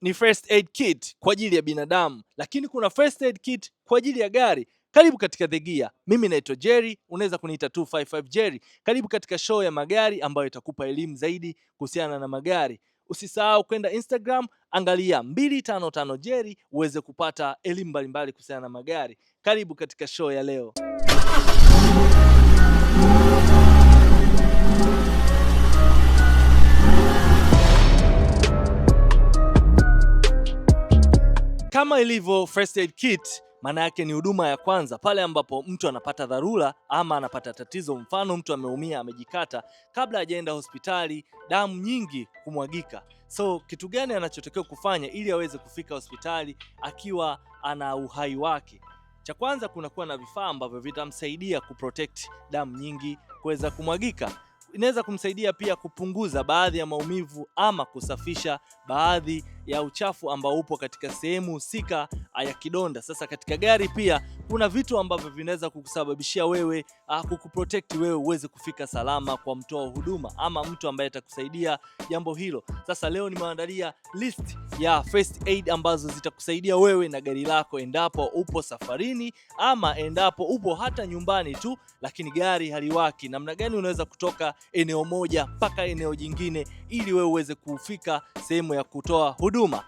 ni first aid kit kwa ajili ya binadamu, lakini kuna first aid kit kwa ajili ya gari. Karibu katika The Gear. Mimi naitwa Jerry, unaweza kuniita 255 Jerry. Karibu katika show ya magari ambayo itakupa elimu zaidi kuhusiana na magari. Usisahau kwenda Instagram, angalia 255 Jerry uweze kupata elimu mbalimbali kuhusiana na magari. Karibu katika show ya leo. kama ilivyo first aid kit, maana yake ni huduma ya kwanza pale ambapo mtu anapata dharura ama anapata tatizo. Mfano, mtu ameumia, amejikata, kabla hajaenda hospitali damu nyingi kumwagika. So kitu gani anachotakiwa kufanya ili aweze kufika hospitali akiwa ana uhai wake? Cha kwanza kunakuwa na vifaa ambavyo vitamsaidia kuprotect damu nyingi kuweza kumwagika. Inaweza kumsaidia pia kupunguza baadhi ya maumivu ama kusafisha baadhi ya uchafu ambao upo katika sehemu husika ah, ya kidonda. Sasa katika gari pia kuna vitu ambavyo vinaweza kukusababishia wewe ah, kukuprotect wewe uweze kufika salama kwa mtoa huduma ama mtu ambaye atakusaidia jambo hilo. Sasa leo nimeandalia list ya first aid ambazo zitakusaidia wewe na gari lako endapo upo safarini ama endapo upo hata nyumbani tu, lakini gari haliwaki. Namna gani unaweza kutoka eneo moja mpaka eneo jingine ili wewe uweze kufika sehemu ya kutoa huduma huduma.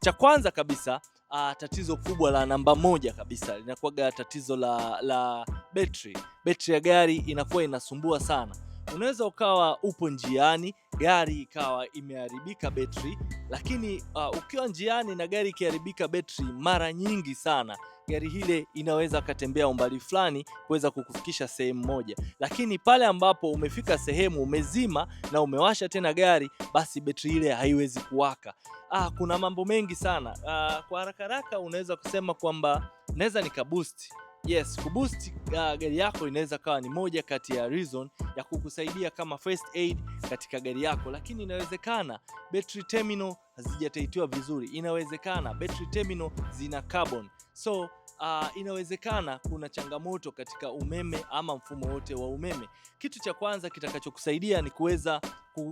Cha kwanza kabisa a, ah, tatizo kubwa la namba moja kabisa linakuwaga tatizo la, la betri. Betri ya gari inakuwa inasumbua sana. Unaweza ukawa upo njiani gari ikawa imeharibika betri, lakini uh, ukiwa njiani na gari ikiharibika betri mara nyingi sana gari hile inaweza katembea umbali fulani kuweza kukufikisha sehemu moja, lakini pale ambapo umefika sehemu umezima na umewasha tena gari, basi betri ile haiwezi kuwaka. Ah, kuna mambo mengi sana. Ah, kwa haraka haraka unaweza kusema kwamba naweza nikaboost Yes, kuboost uh, gari yako inaweza kawa ni moja kati ya reason ya kukusaidia kama first aid katika gari yako, lakini inawezekana battery terminal hazijataitiwa vizuri, inawezekana battery terminal zina carbon, so uh, inawezekana kuna changamoto katika umeme ama mfumo wote wa umeme. Kitu cha kwanza kitakachokusaidia ni kuweza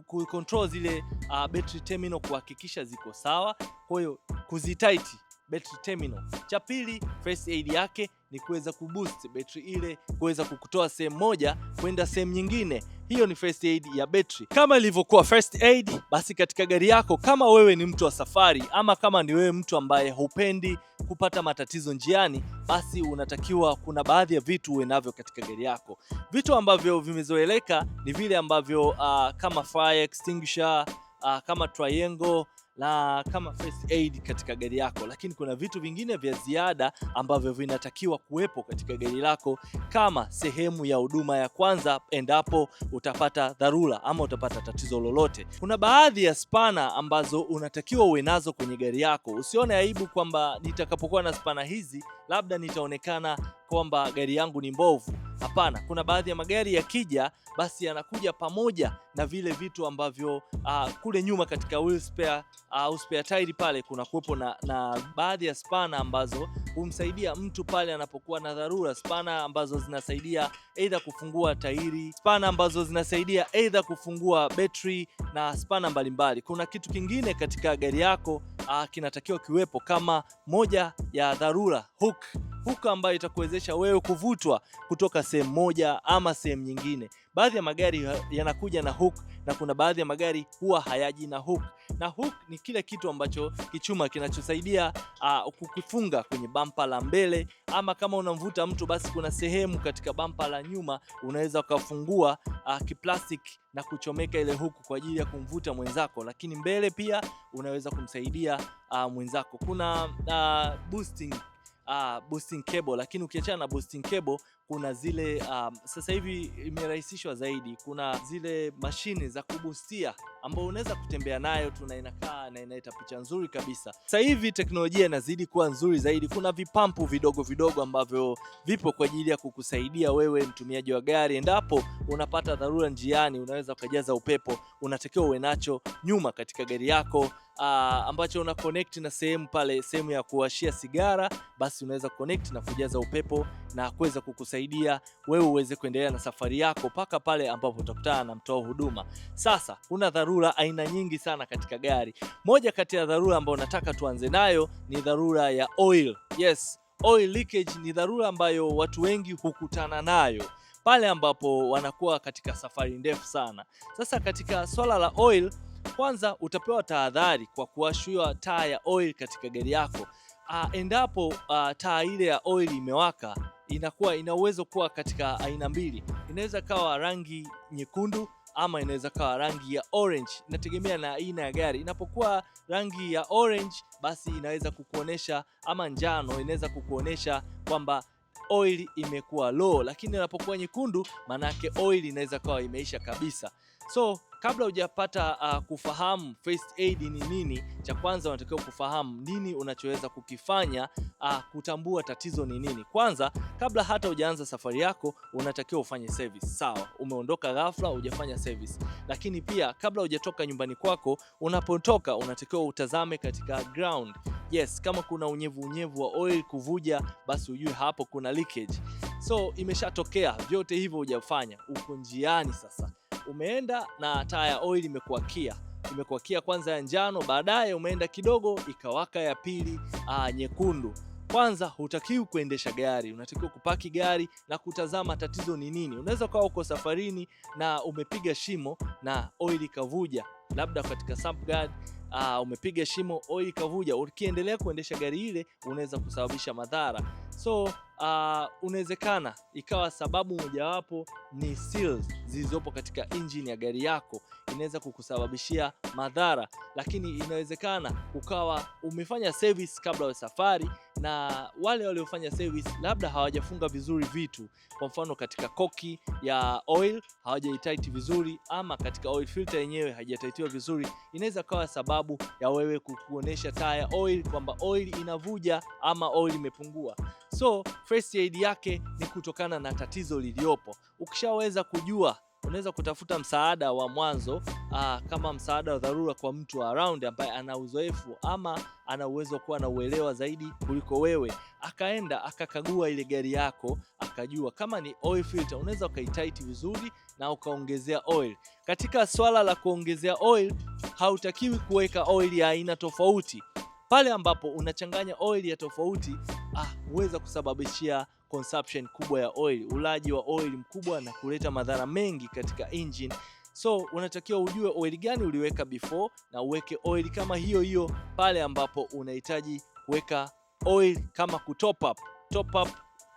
kucontrol zile uh, battery terminal kuhakikisha ziko sawa, kwa hiyo kuzitight battery terminal. Cha pili, first aid yake ni kuweza kuboost betri ile kuweza kukutoa sehemu moja kwenda sehemu nyingine. Hiyo ni first aid ya betri. Kama ilivyokuwa first aid, basi katika gari yako, kama wewe ni mtu wa safari ama kama ni wewe mtu ambaye hupendi kupata matatizo njiani, basi unatakiwa, kuna baadhi ya vitu uwe navyo katika gari yako. Vitu ambavyo vimezoeleka ni vile ambavyo uh, kama fire extinguisher uh, kama triangle la kama first aid katika gari yako, lakini kuna vitu vingine vya ziada ambavyo vinatakiwa kuwepo katika gari lako kama sehemu ya huduma ya kwanza endapo utapata dharura ama utapata tatizo lolote. Kuna baadhi ya spana ambazo unatakiwa uwe nazo kwenye gari yako. Usione aibu kwamba nitakapokuwa na spana hizi labda nitaonekana kwamba gari yangu ni mbovu. Hapana, kuna baadhi ya magari yakija, basi yanakuja pamoja na vile vitu ambavyo uh, kule nyuma katika wheel spare au uh, spare tire pale kuna kuwepo na, na baadhi ya spana ambazo humsaidia mtu pale anapokuwa na dharura. Spana ambazo zinasaidia aidha kufungua tairi, spana ambazo zinasaidia aidha kufungua betri na spana mbalimbali. Kuna kitu kingine katika gari yako uh, kinatakiwa kiwepo kama moja ya dharura hook hook ambayo itakuwezesha wewe kuvutwa kutoka sehemu moja ama sehemu nyingine. Baadhi ya magari yanakuja na hook na kuna baadhi ya magari huwa hayaji na hook na hook ni kile kitu ambacho kichuma kinachosaidia uh, kukifunga kwenye bampa la mbele, ama kama unamvuta mtu basi kuna sehemu katika bampa la nyuma unaweza ukafungua uh, ah, kiplastiki na kuchomeka ile huku kwa ajili ya kumvuta mwenzako, lakini mbele pia unaweza kumsaidia uh, mwenzako. Kuna uh, boosting, uh, boosting cable, lakini ukiachana na boosting cable kuna zile um, sasa hivi imerahisishwa zaidi. Kuna zile mashine za kubustia ambayo unaweza kutembea nayo tu na inakaa na inaita picha nzuri kabisa. Sasa hivi teknolojia inazidi kuwa nzuri zaidi. Kuna vipampu vidogo vidogo ambavyo vipo kwa ajili ya kukusaidia wewe mtumiaji wa gari, endapo unapata dharura njiani, unaweza ukajaza upepo, unatakiwa uwe nacho nyuma katika gari yako. Uh, ambacho una connect na sehemu pale, sehemu ya kuwashia sigara, basi unaweza connect na kujaza upepo na kuweza kukusaidia wewe uweze kuendelea na safari yako mpaka pale ambapo utakutana na mtoa huduma. Sasa kuna dharura aina nyingi sana katika gari. Moja kati ya dharura ambayo nataka tuanze nayo ni dharura ya oil. Yes, oil leakage ni dharura ambayo watu wengi hukutana nayo pale ambapo wanakuwa katika safari ndefu sana. Sasa katika swala la oil, kwanza utapewa tahadhari kwa kuwashiwa taa ya oil katika gari yako. Uh, endapo uh, taa ile ya oil imewaka inakuwa ina uwezo kuwa katika aina mbili, inaweza kawa rangi nyekundu ama inaweza kawa rangi ya orange, inategemea na aina ya gari. Inapokuwa rangi ya orange, basi inaweza kukuonesha ama njano inaweza kukuonesha kwamba oil imekuwa low, lakini inapokuwa nyekundu, maanake oil inaweza kawa imeisha kabisa. So Kabla hujapata uh, kufahamu first aid ni nini, cha kwanza unatakiwa kufahamu nini unachoweza kukifanya uh, kutambua tatizo ni nini. Kwanza, kabla hata hujaanza safari yako, unatakiwa ufanye service. Sawa, umeondoka ghafla hujafanya service, lakini pia kabla hujatoka nyumbani kwako, unapotoka unatakiwa utazame katika ground. Yes, kama kuna unyevu unyevu wa oil kuvuja, basi ujue hapo kuna leakage. So imeshatokea, vyote hivyo hujafanya, uko njiani sasa umeenda na taya oil imekuwa kia imekuwa kia kwanza ya njano, baadaye umeenda kidogo ikawaka ya pili ah, nyekundu. Kwanza hutakiwi kuendesha gari, unatakiwa kupaki gari na kutazama tatizo ni nini. Unaweza ukawa uko safarini na umepiga shimo na oil ikavuja, labda katika sump guard aa, ah, umepiga shimo, oil ikavuja. Ukiendelea kuendesha gari ile unaweza kusababisha madhara. So ah, unawezekana ikawa sababu mojawapo ni seals zilizopo katika engine ya gari yako inaweza kukusababishia madhara, lakini inawezekana ukawa umefanya service kabla ya safari na wale waliofanya service labda hawajafunga vizuri vitu, kwa mfano katika koki ya oil hawajaitaiti vizuri, ama katika oil filter yenyewe haijataitiwa vizuri, inaweza kawa sababu ya wewe kukuonesha taa ya oil kwamba oil inavuja ama oil imepungua. So first aid yake ni kutokana na tatizo liliopo. Ukishaweza kujua unaweza kutafuta msaada wa mwanzo uh, kama msaada wa dharura kwa mtu around ambaye ana uzoefu ama ana uwezo kuwa na uelewa zaidi kuliko wewe, akaenda akakagua ile gari yako, akajua kama ni oil filter, unaweza ukaitaiti vizuri na ukaongezea oil. Katika swala la kuongezea oil, hautakiwi kuweka oil ya aina tofauti. Pale ambapo unachanganya oil ya tofauti, ah, huweza kusababishia consumption kubwa ya oil, ulaji wa oil mkubwa na kuleta madhara mengi katika engine. So unatakiwa ujue oil gani uliweka before na uweke oil kama hiyo hiyo pale ambapo unahitaji kuweka oil kama kutop up. Top up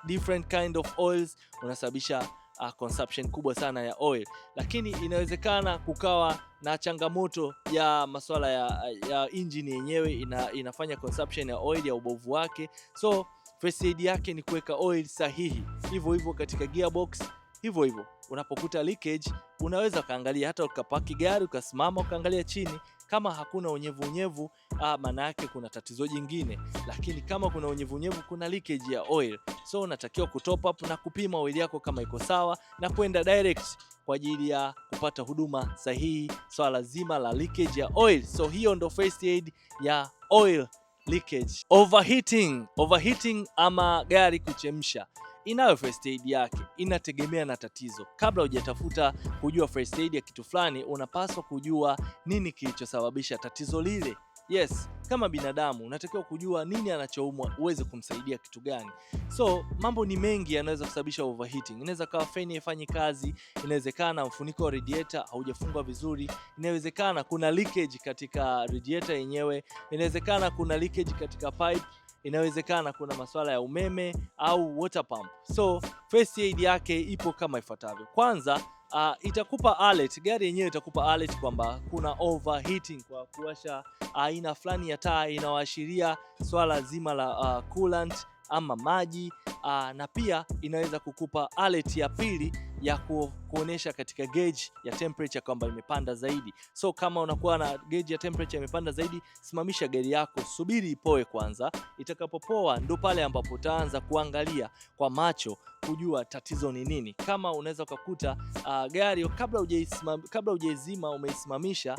different kind of oils unasababisha uh, consumption kubwa sana ya oil, lakini inawezekana kukawa na changamoto ya masuala ya, ya engine yenyewe ina, inafanya consumption ya oil ya ubovu wake so First aid yake ni kuweka oil sahihi, hivyo hivyo katika gearbox, hivyo hivyo unapokuta leakage, unaweza ukaangalia hata ukapaki gari ukasimama ukaangalia chini, kama hakuna unyevunyevu ah, maana yake kuna tatizo jingine, lakini kama kuna unyevunyevu, kuna leakage ya oil, so unatakiwa kutop up na kupima oil yako kama iko sawa na kwenda direct kwa ajili ya kupata huduma sahihi swala so zima la leakage ya oil. So hiyo ndo first aid ya oil leakage, overheating. Overheating ama gari kuchemsha inayo first aid yake, inategemea na tatizo. Kabla hujatafuta kujua first aid ya kitu fulani, unapaswa kujua nini kilichosababisha tatizo lile. Yes, kama binadamu unatakiwa kujua nini anachoumwa uweze kumsaidia kitu gani. So mambo ni mengi yanaweza kusababisha overheating. Inaweza kawa feni haifanyi kazi, inawezekana mfuniko wa radiator haujafungwa vizuri, inawezekana kuna leakage katika radiator yenyewe, inawezekana kuna leakage katika pipe inawezekana kuna masuala ya umeme au water pump. So first aid yake ipo kama ifuatavyo. Kwanza Uh, itakupa alert, gari yenyewe itakupa alert kwamba kuna overheating kwa kuwasha aina fulani ya taa, inawashiria swala zima la uh, coolant ama maji aa, ah, na pia inaweza kukupa alert ya pili ya kuonyesha kuonesha katika gauge ya temperature kwamba imepanda zaidi. So kama unakuwa na gauge ya temperature imepanda zaidi, simamisha gari yako, subiri ipoe kwanza. Itakapopoa ndo pale ambapo utaanza kuangalia kwa macho kujua tatizo ni nini. Kama unaweza ukakuta uh, gari kabla hujaizima umeisimamisha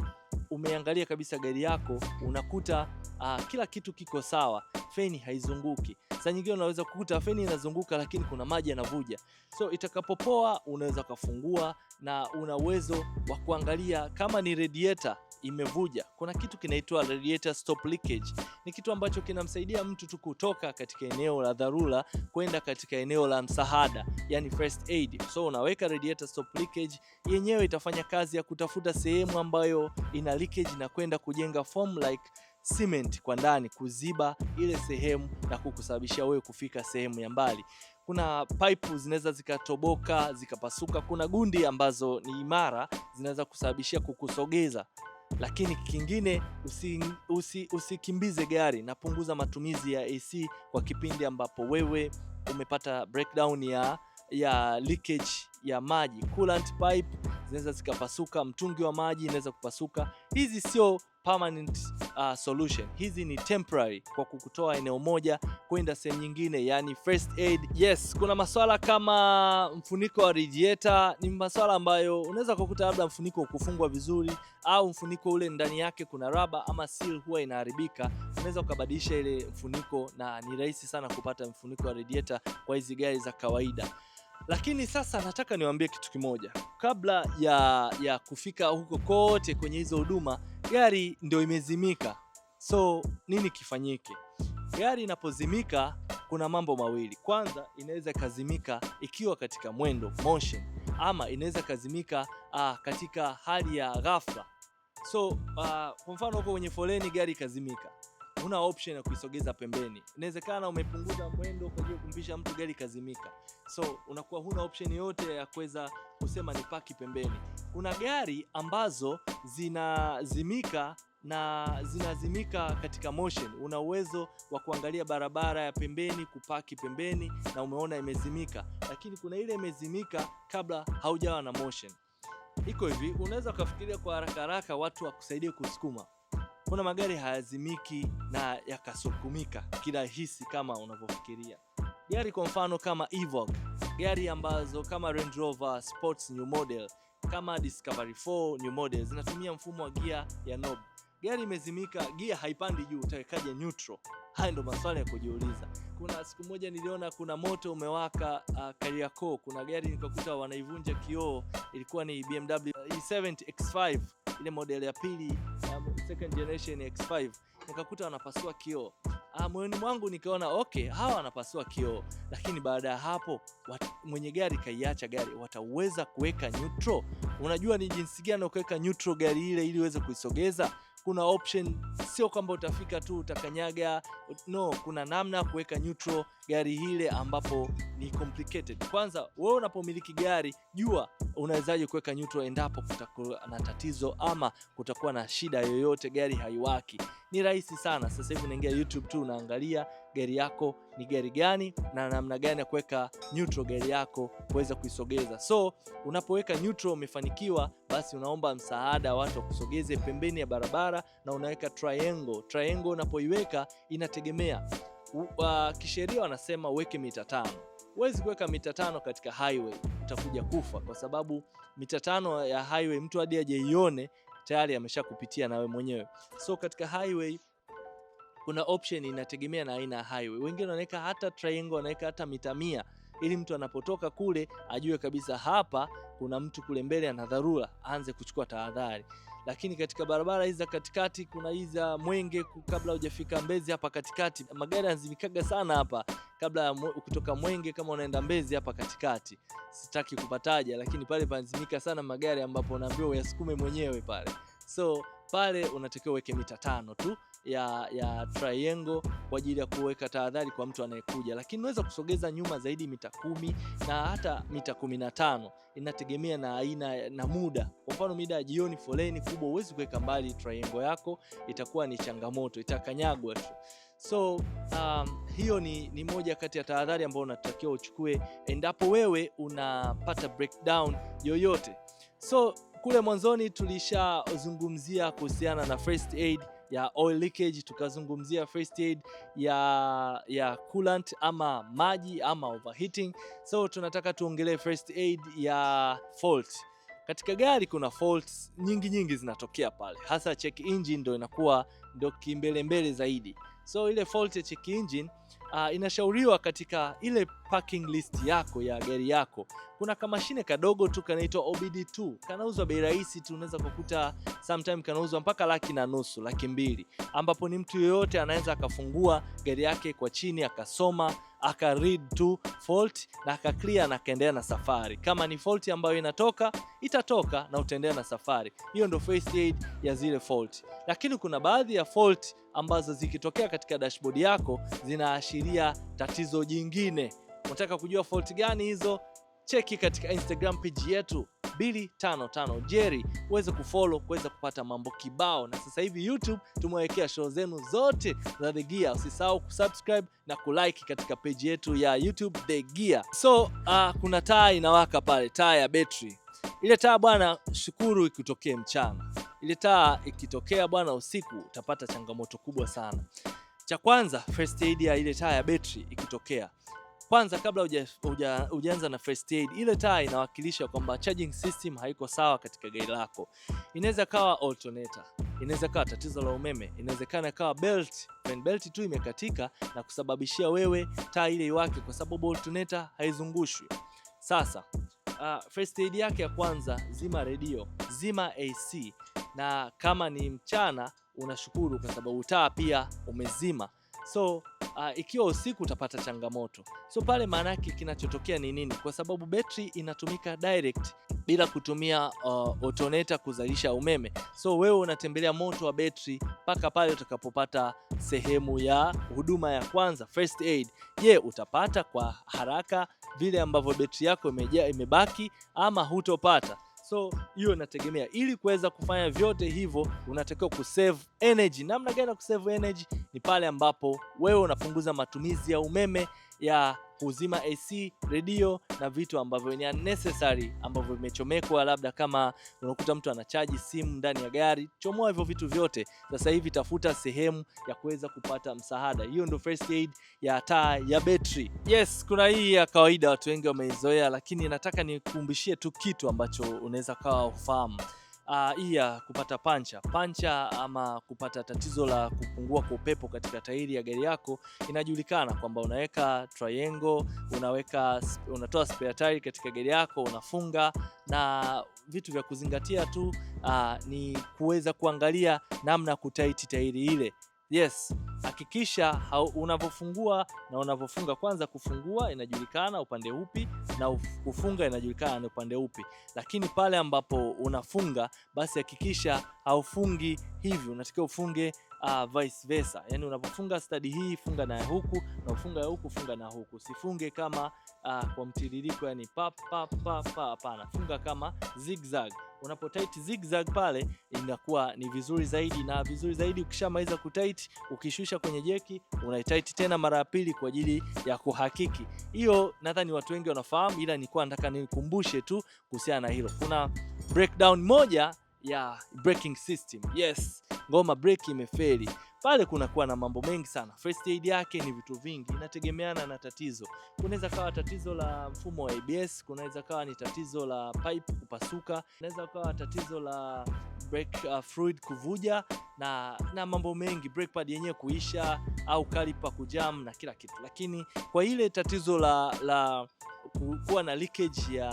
umeangalia kabisa gari yako unakuta uh, kila kitu kiko sawa, feni haizunguki. Saa nyingine unaweza kukuta feni inazunguka, lakini kuna maji yanavuja. So itakapopoa, unaweza ukafungua na una uwezo wa kuangalia kama ni redieta imevuja. Kuna kitu kinaitwa radiator stop leakage. Ni kitu ambacho kinamsaidia mtu tu kutoka katika eneo la dharura kwenda katika eneo la msaada, yani first aid. So unaweka radiator stop leakage, yenyewe itafanya kazi ya kutafuta sehemu ambayo ina leakage na kwenda kujenga form like cement kwa ndani kuziba ile sehemu na kukusababishia wewe kufika sehemu ya mbali. Kuna pipe zinaweza zikatoboka zikapasuka. Kuna gundi ambazo ni imara zinaweza kusababishia kukusogeza lakini kingine usikimbize usi, usi gari, napunguza matumizi ya AC kwa kipindi ambapo wewe umepata breakdown ya, ya leakage ya maji. Coolant pipe zinaweza zikapasuka, mtungi wa maji inaweza kupasuka. Hizi sio permanent uh, solution. Hizi ni temporary kwa kukutoa eneo moja kwenda sehemu nyingine, yani first aid. Yes, kuna maswala kama mfuniko wa radiator, ni maswala ambayo unaweza kukuta labda mfuniko ukufungwa vizuri au mfuniko ule ndani yake kuna raba ama seal huwa inaharibika, unaweza ukabadilisha ile mfuniko, na ni rahisi sana kupata mfuniko wa radiator kwa hizi gari za kawaida. Lakini sasa nataka niwaambie kitu kimoja kabla ya, ya kufika huko kote kwenye hizo huduma gari ndio imezimika. So nini kifanyike? Gari inapozimika kuna mambo mawili. Kwanza, inaweza ikazimika ikiwa katika mwendo motion, ama inaweza ikazimika uh, katika hali ya ghafla. So uh, kwa mfano huko kwenye foleni gari ikazimika huna option ya kuisogeza pembeni. Inawezekana umepunguza mwendo kwa ajili ya kumpisha mtu, gari kazimika, so unakuwa huna option yote ya kuweza kusema ni paki pembeni. Kuna gari ambazo zinazimika na zinazimika katika motion. Una uwezo wa kuangalia barabara ya pembeni, kupaki pembeni, na umeona imezimika, lakini kuna ile imezimika kabla haujawa na motion. Iko hivi, unaweza ukafikiria kwa haraka haraka watu wakusaidie kusukuma Mbona magari hayazimiki na yakasukumika kirahisi kama unavyofikiria? Gari kwa mfano kama Evoque, gari ambazo kama Range Rover Sports new model, kama Discovery 4 new model zinatumia mfumo wa gia ya knob. Gari imezimika, gia haipandi juu, utawekaje neutral? Haya ndo maswali ya kujiuliza. Kuna siku moja niliona kuna moto umewaka uh, Kariakoo, kuna gari nikakuta wanaivunja kioo, ilikuwa ni BMW uh, E70 X5 ile model ya pili second generation X5 nikakuta wanapasua kioo. Ah, moyoni mwangu nikaona okay, hawa wanapasua kioo, lakini baada ya hapo wat, mwenye gari kaiacha gari, wataweza kuweka neutral. Unajua ni jinsi gani kuweka neutral gari ile ili iweze kuisogeza kuna option, sio kwamba utafika tu utakanyaga. No, kuna namna ya kuweka neutral gari hile ambapo ni complicated. Kwanza wewe unapomiliki gari jua unawezaje kuweka neutral endapo kutakuwa na tatizo ama kutakuwa na shida yoyote, gari haiwaki. Ni rahisi sana. Sasa hivi unaingia YouTube tu unaangalia gari yako ni gari gani na namna gani ya kuweka neutral gari yako kuweza kuisogeza. So unapoweka neutral umefanikiwa, basi unaomba msaada watu wakusogeze pembeni ya barabara na unaweka triangle. Triangle unapoiweka inategemea uh, kisheria wanasema uweke mita tano. Huwezi kuweka mita tano katika highway, utakuja kufa kwa sababu mita tano ya highway mtu hadi ajeione tayari ameshakupitia nawe mwenyewe. So katika highway kuna option inategemea na aina ya highway. Wengine wanaweka hata triangle, wanaweka hata mita mia ili mtu anapotoka kule ajue kabisa hapa kuna mtu kule mbele ana dharura, aanze kuchukua tahadhari lakini katika barabara hizi za katikati kuna hizi za Mwenge kabla hujafika Mbezi hapa katikati magari yanazimikaga sana hapa kabla ya kutoka Mwenge kama unaenda Mbezi hapa katikati, sitaki kupataja, lakini pale panazimika sana magari ambapo unaambiwa uyasukume mwenyewe pale, so pale unatakiwa uweke mita tano tu ya, ya triangle kwa ajili ya kuweka tahadhari kwa mtu anayekuja, lakini unaweza kusogeza nyuma zaidi mita kumi na hata mita kumi na tano inategemea na aina na muda. Kwa mfano mida ya jioni, foleni kubwa, huwezi kuweka mbali triangle yako, itakuwa ni changamoto, itakanyagwa tu. So um, hiyo ni, ni moja kati ya tahadhari ambayo unatakiwa uchukue endapo wewe unapata breakdown yoyote. So kule mwanzoni tulishazungumzia kuhusiana na first aid ya oil leakage, tukazungumzia first aid ya ya coolant ama maji ama overheating. So tunataka tuongelee first aid ya fault. Katika gari kuna faults nyingi nyingi zinatokea pale, hasa check engine ndo inakuwa ndo kimbelembele zaidi. So ile fault check engine uh, inashauriwa katika ile parking list yako ya gari yako, kuna kamashine kadogo tu kanaitwa OBD2 kanauzwa bei rahisi tu, unaweza kukuta sometime kanauzwa mpaka laki na nusu, laki mbili, ambapo ni mtu yoyote anaweza akafungua gari yake kwa chini akasoma aka read tu fault na aka clear na akaendelea na safari. Kama ni fault ambayo inatoka itatoka na utaendelea na safari. Hiyo ndio first aid ya zile fault, lakini kuna baadhi ya fault ambazo zikitokea katika dashboard yako zinaashiria tatizo jingine. Unataka kujua fault gani hizo? Cheki katika Instagram page yetu 255 Jerry uweze kufollow kuweza kupata mambo kibao, na sasa hivi YouTube tumewekea show zenu zote za The Gear. Usisahau kusubscribe na kulike katika page yetu ya YouTube The Gear. So uh, kuna taa inawaka pale, taa ya betri ile taa bwana, shukuru ikutokee mchana ile taa ikitokea bwana usiku utapata changamoto kubwa sana. Cha kwanza first aid ya ile taa ya betri ikitokea kwanza kabla hujaanza na first aid, ile taa inawakilisha kwamba charging system haiko sawa katika gari lako. Inaweza kawa alternator, inaweza kawa tatizo la umeme, inawezekana kawa belt When belt tu imekatika na kusababishia wewe taa ile iwake, kwa sababu alternator haizungushwi. Sasa uh, first aid yake ya kwanza, zima redio, zima AC, na kama ni mchana unashukuru kwa sababu taa pia umezima. So uh, ikiwa usiku utapata changamoto. So pale maana yake kinachotokea ni nini? Kwa sababu betri inatumika direct bila kutumia uh, ah, otoneta kuzalisha umeme. So wewe unatembelea moto wa betri mpaka pale utakapopata sehemu ya huduma ya kwanza first aid. Je, utapata kwa haraka vile ambavyo betri yako imebaki ama hutopata? So hiyo inategemea, ili kuweza kufanya vyote hivyo unatakiwa kusave energy. Namna gani ya kusave energy? Ni pale ambapo wewe unapunguza matumizi ya umeme ya kuzima AC redio na vitu ambavyo ni unnecessary ambavyo vimechomekwa, labda kama unakuta mtu anachaji simu ndani ya gari, chomoa hivyo vitu vyote. Sasa hivi tafuta sehemu ya kuweza kupata msaada. Hiyo ndio first aid ya taa ya betri. Yes, kuna hii ya kawaida watu wengi wameizoea, lakini nataka nikukumbishie tu kitu ambacho unaweza kawa ufahamu uh, ya kupata pancha pancha ama kupata tatizo la kupungua kwa upepo katika tairi ya gari yako inajulikana kwamba unaweka triangle, unaweka unatoa spare tire katika gari yako unafunga, na vitu vya kuzingatia tu uh, ni kuweza kuangalia namna kutaiti tairi ile Yes, hakikisha unavyofungua na unavyofunga. Kwanza kufungua inajulikana upande upi na kufunga inajulikana ni upande upi, lakini pale ambapo unafunga basi hakikisha haufungi hivi, unatakiwa ufunge uh, vice versa, yani unapofunga stadi hii funga na huku, na ufunga huku funga na huku, sifunge kama uh, kwa mtiririko, yani pa pa pa pa, hapana, funga kama zigzag. Unapo tight zigzag pale inakuwa ni vizuri zaidi na vizuri zaidi. Ukishamaliza ku tight, ukishusha kwenye jeki unaitight tena mara ya pili kwa ajili ya kuhakiki. Hiyo nadhani watu wengi wanafahamu, ila nilikuwa nataka nikumbushe tu kuhusiana na hilo. Kuna breakdown moja ya breaking system. Yes, ngoma break imefeli pale, kunakuwa na mambo mengi sana. First aid yake ni vitu vingi, inategemeana na tatizo. Kunaweza kawa tatizo la mfumo wa ABS, kunaweza kawa ni tatizo la pipe kupasuka, kunaweza kawa tatizo la break, uh, fluid kuvuja na, na mambo mengi, brake pad yenyewe kuisha au kalipa kujam na kila kitu, lakini kwa ile tatizo la, la kuwa na leakage ya,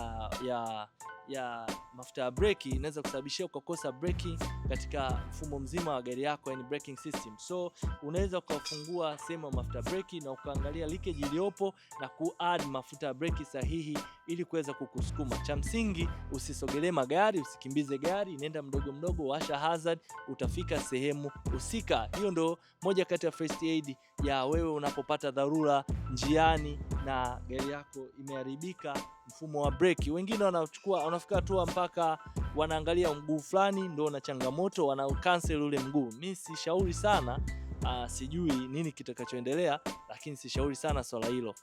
ya ya mafuta ya breki inaweza kusababishia ukakosa breki katika mfumo mzima wa gari yako, yani braking system. So unaweza ukafungua sehemu ya mafuta breki na ukaangalia leakage iliyopo na kuadd mafuta ya breki sahihi ili kuweza kukusukuma. Cha msingi usisogelee magari, usikimbize gari, nenda mdogo mdogo, washa hazard, utafika sehemu husika. Hiyo ndo moja kati ya first aid ya wewe unapopata dharura njiani na gari yako imeharibika mfumo wa breki. Wengine wanachukua wanafika hatua mpaka wanaangalia mguu fulani ndio una changamoto, wana cancel ule mguu. Mi sishauri sana uh, sijui nini kitakachoendelea, lakini sishauri sana swala hilo.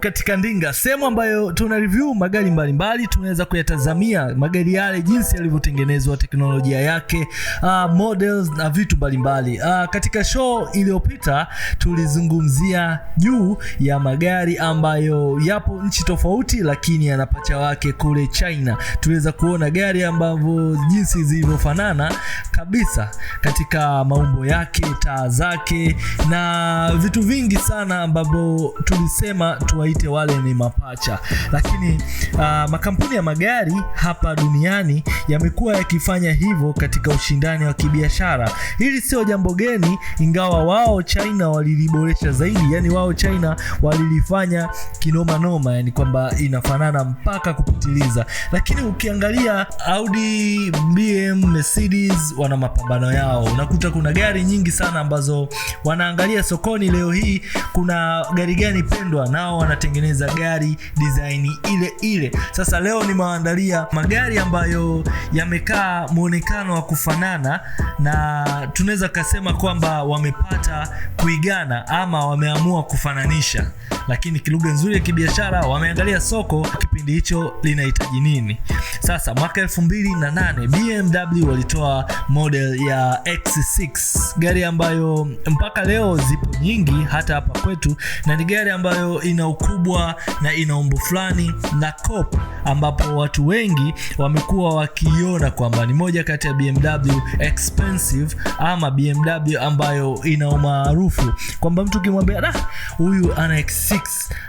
katika Ndinga, sehemu ambayo tuna review magari mbalimbali, tunaweza kuyatazamia magari yale jinsi yalivyotengenezwa, teknolojia yake, uh, models na vitu mbalimbali. Uh, katika show iliyopita tulizungumzia juu ya magari ambayo yapo nchi tofauti, lakini yana pacha wake kule China. Tuliweza kuona gari ambavyo jinsi zilivyofanana kabisa katika maumbo yake, taa zake na vitu vingi sana ambavyo tulisema tuwa waite wale ni mapacha, lakini uh, makampuni ya magari hapa duniani yamekuwa yakifanya hivyo katika ushindani wa kibiashara. Hili sio jambo geni, ingawa wao China waliliboresha zaidi. Yani wao China walilifanya kinoma noma, yani kwamba inafanana mpaka kupitiliza, lakini ukiangalia Audi, BMW, Mercedes wana mapambano yao. Unakuta kuna gari nyingi sana ambazo wanaangalia sokoni leo hii kuna gari gani pendwa, nao wana tengeneza gari design ile ile. Sasa leo nimewaandalia magari ambayo yamekaa muonekano wa kufanana na tunaweza kasema kwamba wamepata kuigana ama wameamua kufananisha, lakini kilugha nzuri ya kibiashara wameangalia soko kipindi hicho linahitaji nini. Sasa mwaka 2008 BMW walitoa model ya X6, gari ambayo mpaka leo zipo nyingi hata hapa kwetu na ni gari ambayo ina kubwa na ina umbo fulani na cop ambapo watu wengi wamekuwa wakiona kwamba ni moja kati ya BMW expensive ama BMW ambayo ina umaarufu, kwamba mtu ukimwambia da, huyu ana X6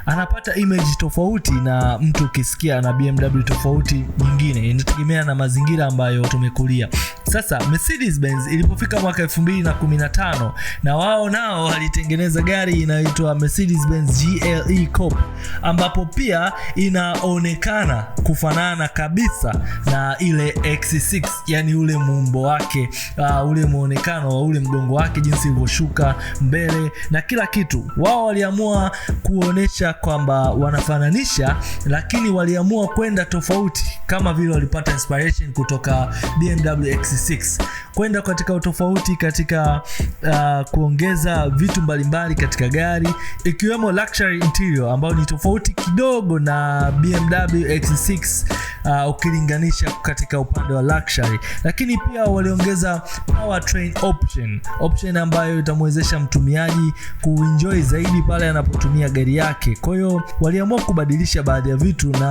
anapata image tofauti na mtu ukisikia ana BMW tofauti nyingine, inategemea na mazingira ambayo tumekulia. Sasa Mercedes Benz ilipofika mwaka 2015 na wao nao walitengeneza gari inayoitwa Mercedes Benz GLE Coupe, ambapo pia inaonekana kufanana kabisa na ile X6, yani ule muumbo wake, uh, ule muonekano wa ule mgongo wake jinsi ilivyoshuka mbele na kila kitu. Wao waliamua kuonesha kwamba wanafananisha, lakini waliamua kwenda tofauti, kama vile walipata inspiration kutoka BMW X 66 kwenda katika utofauti katika uh, kuongeza vitu mbalimbali katika gari ikiwemo luxury interior ambayo ni tofauti kidogo na BMW X6 uh, ukilinganisha katika upande wa luxury, lakini pia waliongeza powertrain option, option ambayo itamwezesha mtumiaji kuenjoy zaidi pale anapotumia gari yake. Kwa hiyo waliamua kubadilisha baadhi ya vitu, na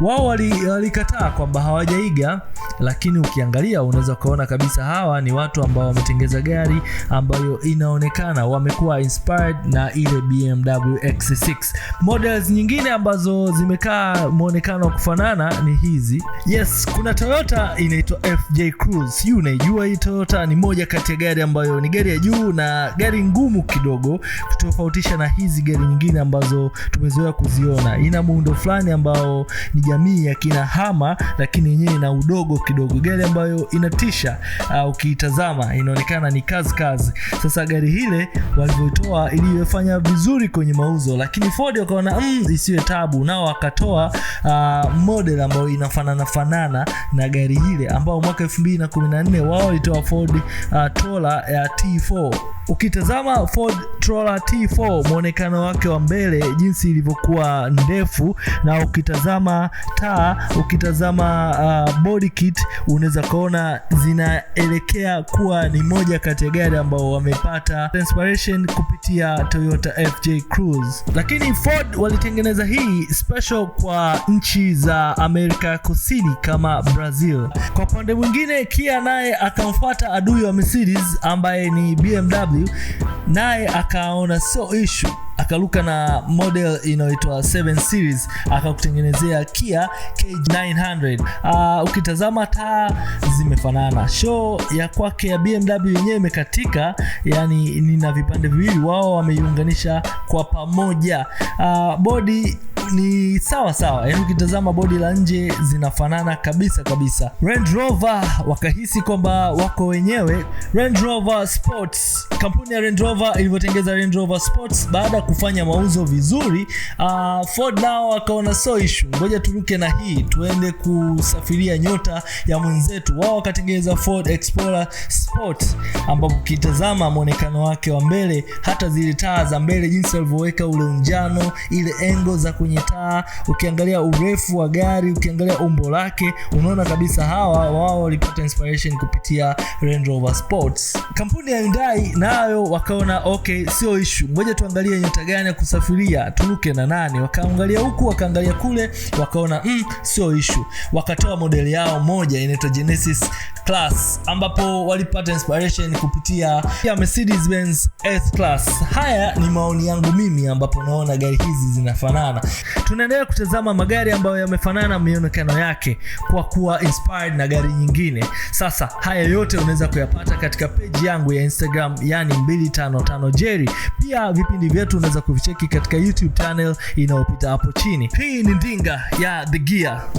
wao walikataa wali kwamba hawajaiga, lakini ukiangalia unaweza ukaona kabisa hawa ni watu ambao wametengeza gari ambayo inaonekana wamekuwa inspired na ile BMW X6. Models nyingine ambazo zimekaa muonekano wa kufanana ni gari hizi. Yes, kuna Toyota inaitwa FJ Cruise. Sijui unaijua hii Toyota? Ni moja kati ya gari ambayo ni gari ya juu na gari ngumu kidogo kutofautisha na hizi gari nyingine ambazo tumezoea kuziona. Ina muundo fulani ambao ni jamii ya kina hama, lakini yenyewe ina udogo kidogo, gari ambayo inatisha. Uh, ukiitazama inaonekana ni kazi kazi. Sasa gari hile walivyotoa iliyofanya vizuri kwenye mauzo, lakini Ford wakaona mm, isiwe tabu, nao wakatoa uh, model ambayo ambayo inafanana fanana na gari hile, ambao mwaka 2014 wao walitoa Ford uh, Tola ya T4 Ukitazama Ford Troller T4 muonekano wake wa mbele jinsi ilivyokuwa ndefu, na ukitazama taa, ukitazama uh, body kit unaweza kuona zinaelekea kuwa ni moja kati ya gari ambao wamepata inspiration kupitia Toyota FJ Cruise. lakini Ford walitengeneza hii special kwa nchi za Amerika Kusini kama Brazil. Kwa upande mwingine, Kia naye akamfuata adui wa Mercedes ambaye ni BMW huyu, naye akaona sio ishu akaruka na model inayoitwa 7 series akakutengenezea Kia k 900 Uh, ah, ukitazama taa zimefanana. Show ya kwake ya BMW yenyewe imekatika, yani nina vipande viwili, wao wameiunganisha kwa pamoja. Uh, ah, bodi ni sawa sawa, yaani ukitazama bodi la nje zinafanana kabisa kabisa. Range Rover wakahisi kwamba wako wenyewe. Range Rover Sports, kampuni ya Range Rover ilivyotengeza Range Rover Sports baada kufanya mauzo vizuri uh, Ford nao akaona so issue, ngoja turuke na hii tuende kusafiria nyota ya mwenzetu. Wao wakatengeneza Ford Explorer Sport, ambapo ukitazama mwonekano wake wa mbele, hata zile taa za mbele jinsi alivyoweka ule unjano, ile engo za kwenye taa, ukiangalia urefu wa gari, ukiangalia umbo lake, unaona kabisa hawa wao walipata inspiration kupitia Range Rover Sports. Kampuni ya Hyundai nayo wakaona okay, sio issue, ngoja tuangalie rota gani ya kusafiria turuke na nani? Wakaangalia huku wakaangalia kule, wakaona mm, sio ishu. Wakatoa modeli yao moja inaitwa Genesis Class, ambapo walipata inspiration kupitia ya Mercedes Benz S Class. Haya ni maoni yangu mimi, ambapo naona gari hizi zinafanana. Tunaendelea kutazama magari ambayo yamefanana mionekano yake kwa kuwa inspired na gari nyingine. Sasa haya yote unaweza kuyapata katika peji yangu ya Instagram, yani 255 Jerry. Pia vipindi vyetu unaweza kuvicheki katika YouTube channel inayopita hapo chini. Hii ni ndinga ya The Gear.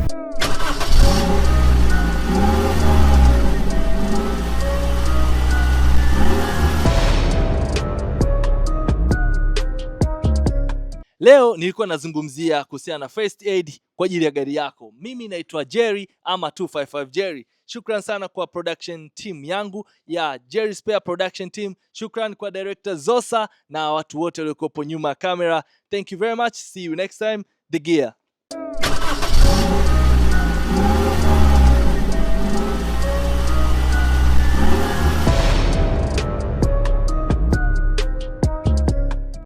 Leo nilikuwa nazungumzia kuhusiana na first aid kwa ajili ya gari yako. Mimi naitwa Jerry ama 255 Jerry. Shukran sana kwa production team yangu ya Jerry Spare production team. Shukran kwa director Zosa na watu wote waliokuwepo nyuma ya kamera. Thank you very much. See you next time. The Gear.